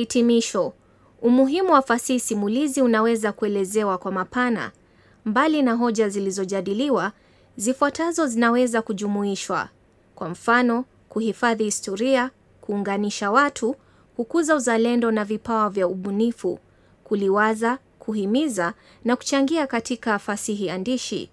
Hitimisho. Umuhimu wa fasihi simulizi unaweza kuelezewa kwa mapana. Mbali na hoja zilizojadiliwa, zifuatazo zinaweza kujumuishwa. Kwa mfano, kuhifadhi historia, kuunganisha watu, kukuza uzalendo na vipawa vya ubunifu, kuliwaza, kuhimiza na kuchangia katika fasihi andishi.